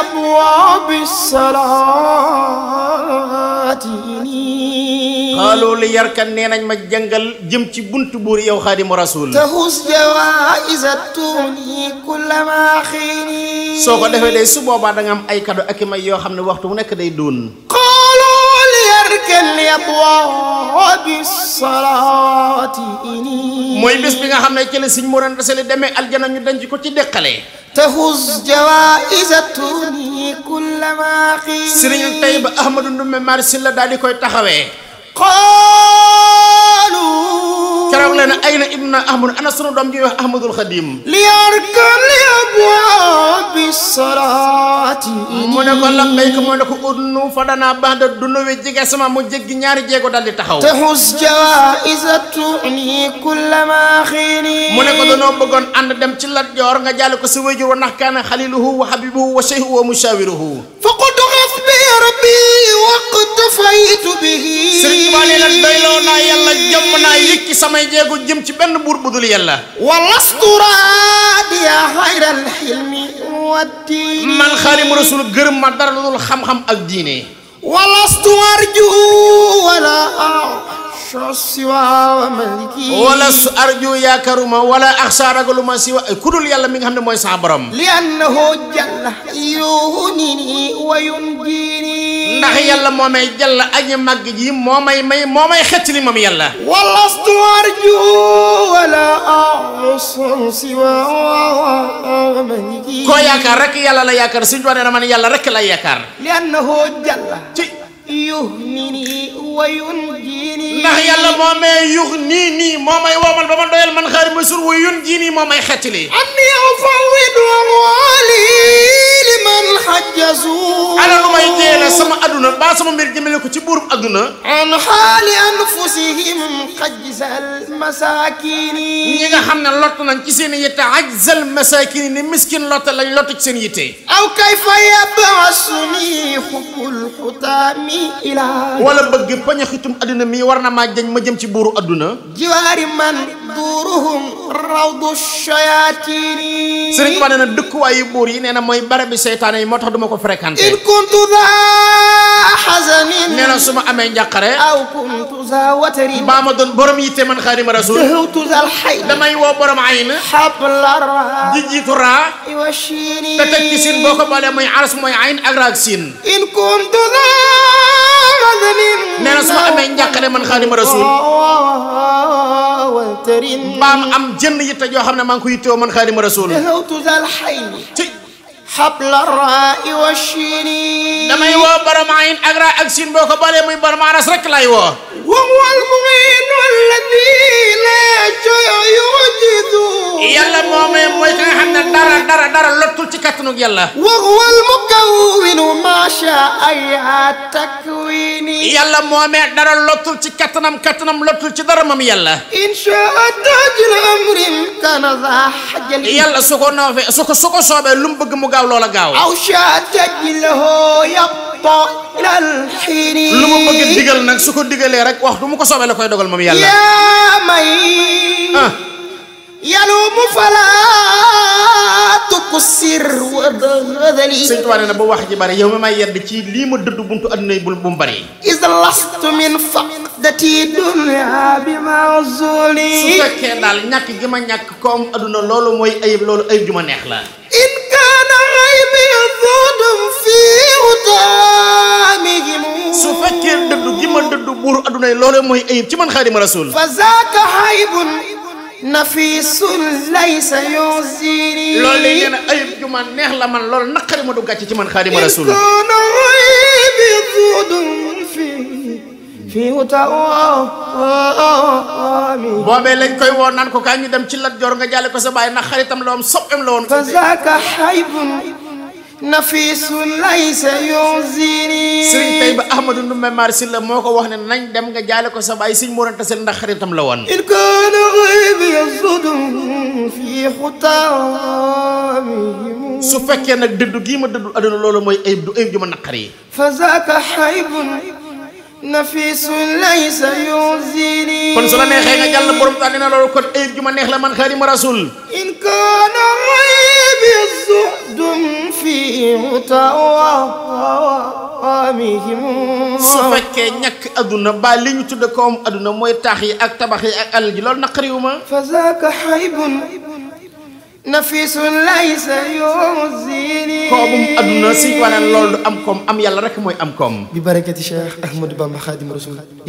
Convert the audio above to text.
أبواب السلاطين قالوا لي يركن نيناñ ma jàngal jëm ci buntu buur yow خادم رسول تهز جوائز التوني كلما خيني soo kado ak may yoo xam ne waxtu bu nekk day doon قالوا لي يركن لأبواب الصلاة إني mooy bés bi nga xam ne aljana ñu denc ko تفوز جوائز توني كل ما قيل سيرين طيب احمد ندومي مارسيل دالي كوي تخاوي قالوا keroog la ne ayna ibnu ahmad ana sunu doom ji wax ahmadul xadim li yarkan li abwaabi salaati mu ne ko labbayka mu ne ko udnu fa danaa ba'da dunuwi jege sama mu jéggi ñaari jéego dal di taxaw te xus jawaisatu ni kullama xiini mu ne ko danoo bëggoon ànd dem ci Lat Joor nga jàll ko si wéjur wa ndax kaana xaliluhu wa habibuhu wa sheyhu wa mushawiruhu fa qultu hasbi rabbi waqtafaytu bihi sëriñ Tuubaa nee na doyloo naa yàlla jëmm naa yëkki samay jëm ci benn budul man xaadimu rasul gërëm ma dara lu xam-xam ak walastu arju wala ya wala su arju wala ragaluma wa ku mi nga xam ne sa borom li annahu jalla wa ndax yàlla momay jël jàll aji màgg ji moo may momay moo mom xëcc li moom yàlla wala arju wala ahsum siwa ko yakar rek yàlla la yakar suñu wone na man yàlla rek la yakar li annahu jàlla ci yuhmini wa yunjini ndax yàlla momay yuhnini momay may woomal ba ma doyal man xari ma sur wa yunjini momay may xëcc li wal naa sama mbir jëmale ko ci buurub adduna an xaali anfusihim xajzal masakini ñi nga xam ne lott nañ ci seen yitte ajzal masakini ni miskin lott lañ lott ci seen yitte aw kayfa yabasuni xubbul xutaami ila wala bëgg pañ a xitum adduna mi war na maa jañ ma jëm ci buuru adduna jiwaari man duuruhum rawdu shayatini sëriñ ba nee na dëkkuwaayu buur yi nee na mooy barabi seytaane yi moo tax duma ko fréquenté in kuntu nee na su ma amee njàqare. aw kuntu za watari. mbaa ma doon borom yitte man xaadima rasul. dahawtu zal xay. damay woo borom ayin. xabla ra. di jiitu raa. wa shiini. te teg ci siin boo ko balee mooy aras mooy ayin ak raag siin. in kuntu za watari. nee na su ma amee njàqare man xaadima rasul. mbaa ma am jënd yitte joo xam ne maa ngi ko yittewoo man xaadima rasul. dahawtu zal xay. xabla ra'i wa shirin damay woo borom ayin ak ra ak siin boo ko balee muy borom anas rek lay woo wa wal mu'inu alladi la yujidu yàlla moomee mooy ka nga xam ne dara dara dara ci kàttanug yàlla waxwal mukawwinu maa shaa'a takwini yàlla moomee dara lottul ci kattanam kattanam lottul ci dara moom yàlla inshaa taajil amrin kana za hajal yàlla su ko noofee su ko su ko soobee lu mu bëgg mu gaaw loola gaaw aw shaa tajilho yabta ilal xiini lu mu bëgg digal nag su ko digalee rek waxtu mu ko soobee la koy dogal moom yàlla yaa may ah. yalumu falaa ku sir wadali sëñ Tuubaa nee na ba wax ji bari yow mi may yedd ci lii ma dëdd buntu adduna yi bu mu bari is lastu min faqdati dunya bi mawzuli su fekkee daal ñàkk gi ma ñàkk koom adduna loolu mooy ayib loolu ayib ju ma neex la in kaana raybi zuhdum fi utaamihim su fekkee dëdd gi ma dëdd buuru adduna yi loolu mooy ayib ci man Xaadimu Rasuul fa zaaka haybun nafisun laysa yuziri loolu léegi nee na ayib ju ma neex la man loolu naqari ma du gàcce ci man xaadima rasul boobee lañ koy woo naan ko kaa ñu dem ci Lat Joor nga jàlle ko sa bàyyi ndax xaritam la woon soppeem la woon nafiisu laysa yuzini sëriñ Tayba Ahmadu Ndumbé Mar Sylla moo ko wax ne nañ dem nga jaale ko sa baay sëñ Mor Anta Sali ndax xaritam la woon in kaana ghaybi yasudu fi xutaamihim su fekkee nag dëddu gii ma dëddu àdduna loolu mooy ayib du ayib ju ma naqar yi fa zaaka xaybun nafiisu laysa yuzini kon su la neexee nga jàll borom tànni na loolu kon ayib ju ma neex la man Xaadimu Rasuul in kaana ghaybi yasudu fi mutawamihim su fekkee ñàkk adduna ba li ñu tudde koom adduna mooy taax yi ak tabax yi ak alal ji loolu naqariwu ma fa zaaka xaybun nafisun laysa yuzini koomum adduna si waneen loolu du am koom am yàlla rek mooy am koom bi barakati Cheikh Ahmadou Bamba Khadim Rasoul